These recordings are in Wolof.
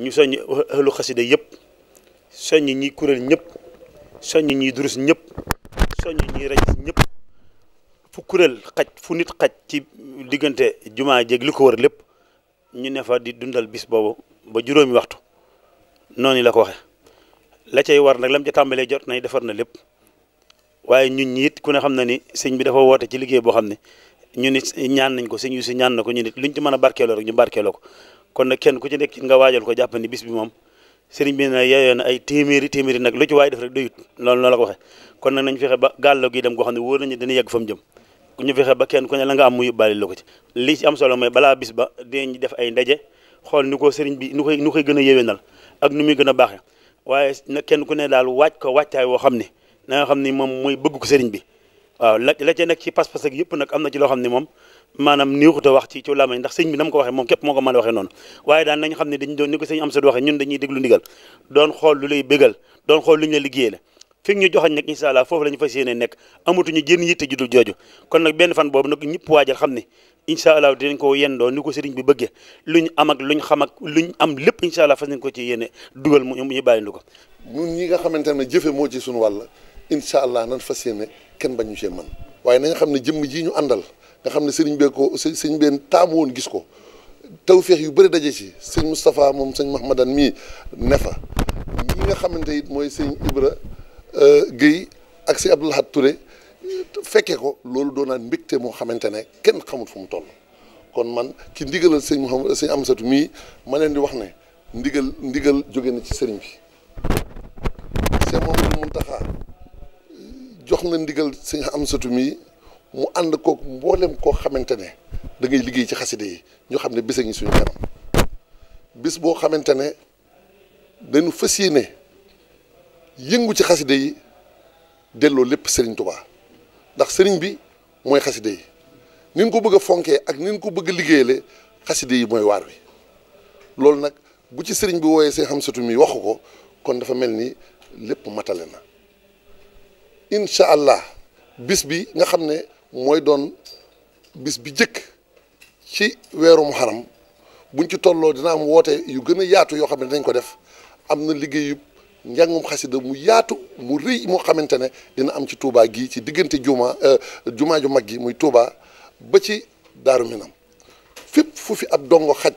ñu soññ ahlu xasida yëpp soññ ñi kuréel ñëpp soññ ñi durus ñëpp soññ ñi raj ñëpp fu kuréel xaj fu nit xaj ci diggante jumaa jeeg li ko wër lépp ñu ne di dundal bis boobu ba juróomi waxtu noonu la ko waxe la cay war nag lam ca tàmbalee jot nañ defar na lépp waaye ñun ñi it ku ne xam na ni sëñ bi dafa woote ci liggéey boo xam ne ñu nit ñaan nañ ko sëñ yu si ñaan na ko ñu nit luñ ci mën a barkeeloo rek ñu barkeeloo ko kon nag kenn ku ci nekk nga waajal ko jàpp ni bis bi moom sëriñ bi na yeyoon ay téeméeri téeméeri nag lu ci waay def rek doyut loolu noonu la ko waxee kon nag nañ fexe ba gàllo gi dem goo xam ne wóor nañu dina yegg fa mu jëm ñu fexe ba kenn ku ne la nga am mu yóbbaale la ko li ci am solo mooy balaa bis ba dinañ def ay ndaje xool nu ko seriñ bi nu koy nu koy gën a yéwénal ak nu muy gën a baaxe waaye nag kenn ku ne daal waaj ko waajtaay woo xam ne na nga xam ni moom mooy bëgg ko sëriñ bi waaw la la ca nekk ci pas-pas ak yëpp nag am na ci loo xam ne moom maanaam néexut a wax ci ci làmmiñ ndax sëñ bi na ko waxee moom képp moo ko mën a waxee noonu waaye daan nañ xam ne dañ doon ni ko sëñ am sa waxee ñun dañuy déglu ndigal doon xool lu lay bégal doon xool lu ñu la liggéeyee ñu joxañ nag incha la ñu bëggee luñ am luñ xam luñ am lépp incha fas nañ ko ci yéene dugal mu ñu bàyyi ko ñun ñi nga xamante ne jëfe moo ci suñu wàll incha allah nan fa yéene kenn bañu see man waaye na nga xam ne jëmm ji ñu àndal nga xam ne sëriñ bee ko sëriñ bee taamu woon gis ko tew tawféex yu bëri daje ci sëñ Moustapha moom sëñ Mahmadan mii ne fa ñi nga xamante it mooy sëñ Ibra euh, Guèye ak sëñ Abdou Lahad ture fekke ko loolu doonaan mbégte moo xamante ne kenn xamul fu mu toll kon man ci ndigalal sëñ Mouhamad sëñ Amsatu mii ma leen di wax ne ndigal ndigal jóge na ci sëriñ bi jox na ndigal sëñ Amsatu mi mu ànd kook mboolem koo xamante ne da ngay liggéey ci xaside yi ñu xam ne bés a ngi boo xamante ne dañu fas yéene yëngu ci xaside yi delloo lépp sëriñ Tuubaa ndax sëriñ bi mooy xaside yi nin ko bëgg a fonkee ak nin ko bëgg a liggéeyale xaside yi mooy waar wi loolu nag bu ci sëriñ bi wooyee seen xam satu mi waxu ko kon dafa mel ni lépp matale na incha allah bis bi nga xam ne mooy doon bis bi jëkk ci weeru muharam buñ ci tolloo dina am woote yu gën a yaatu yoo xam ne dinañ ko def am na liggéeyu njàngum xasida mu yaatu mu rëy moo xamante ne dina am ci Touba gi ci diggante jumaa euh, jumaa ju mag gi muy Touba ba ci Daaru Minam fépp fu fi ab dongo xaj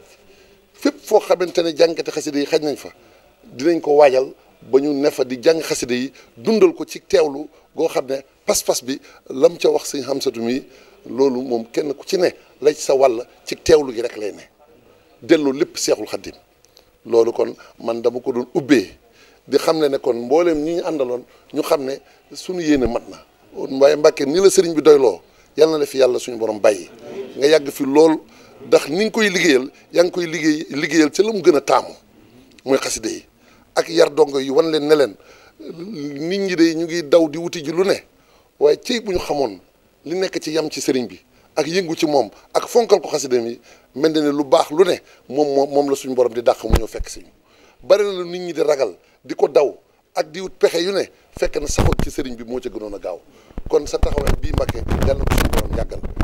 fépp foo xamante ne jànkati xasida yi xaj nañ fa dinañ ko waajal ba ñu ne fa di jàng xasida yi dundal ko ci teewlu goo xam ne pas-pas bi lam ca wax sëñ Hamsatu mi loolu moom kenn ku ci ne lay sa wàll ci teewlu gi rek lay ne dellu lépp seexul xaddim loolu kon man dama ko doon ubbee di xam ne ne kon mbooleem ñi ñu àndaloon ñu xam ne suñu yéenee mat na waaye Mbàkke ni la sëriñ bi doyloo yal na la fi yàlla suñu borom bàyyi nga yàgg fi lool ndax ni nga koy liggéeyal yaa ngi koy liggéey liggéeyal ci la mu gën a taamu mooy xasida ak yar dongo yi wan leen ne leen nit ñi de ñu ngi daw di wuti ji lu ne waaye ci bu ñu xamoon li nekk ci yam ci sëriñ bi ak yëngu ci moom ak fonkal ko xasida mi mel na ne lu baax lu ne moom moom moom la suñu borom di dàq mu ñëw fekk si ñu bari na lu nit ñi di ragal di ko daw ak di wut pexe yu ne fekk na saxoon ci sëriñ bi moo ca gënoon a gaaw kon sa taxawaay bii Mbàkke yàlla ko suñu borom yàggal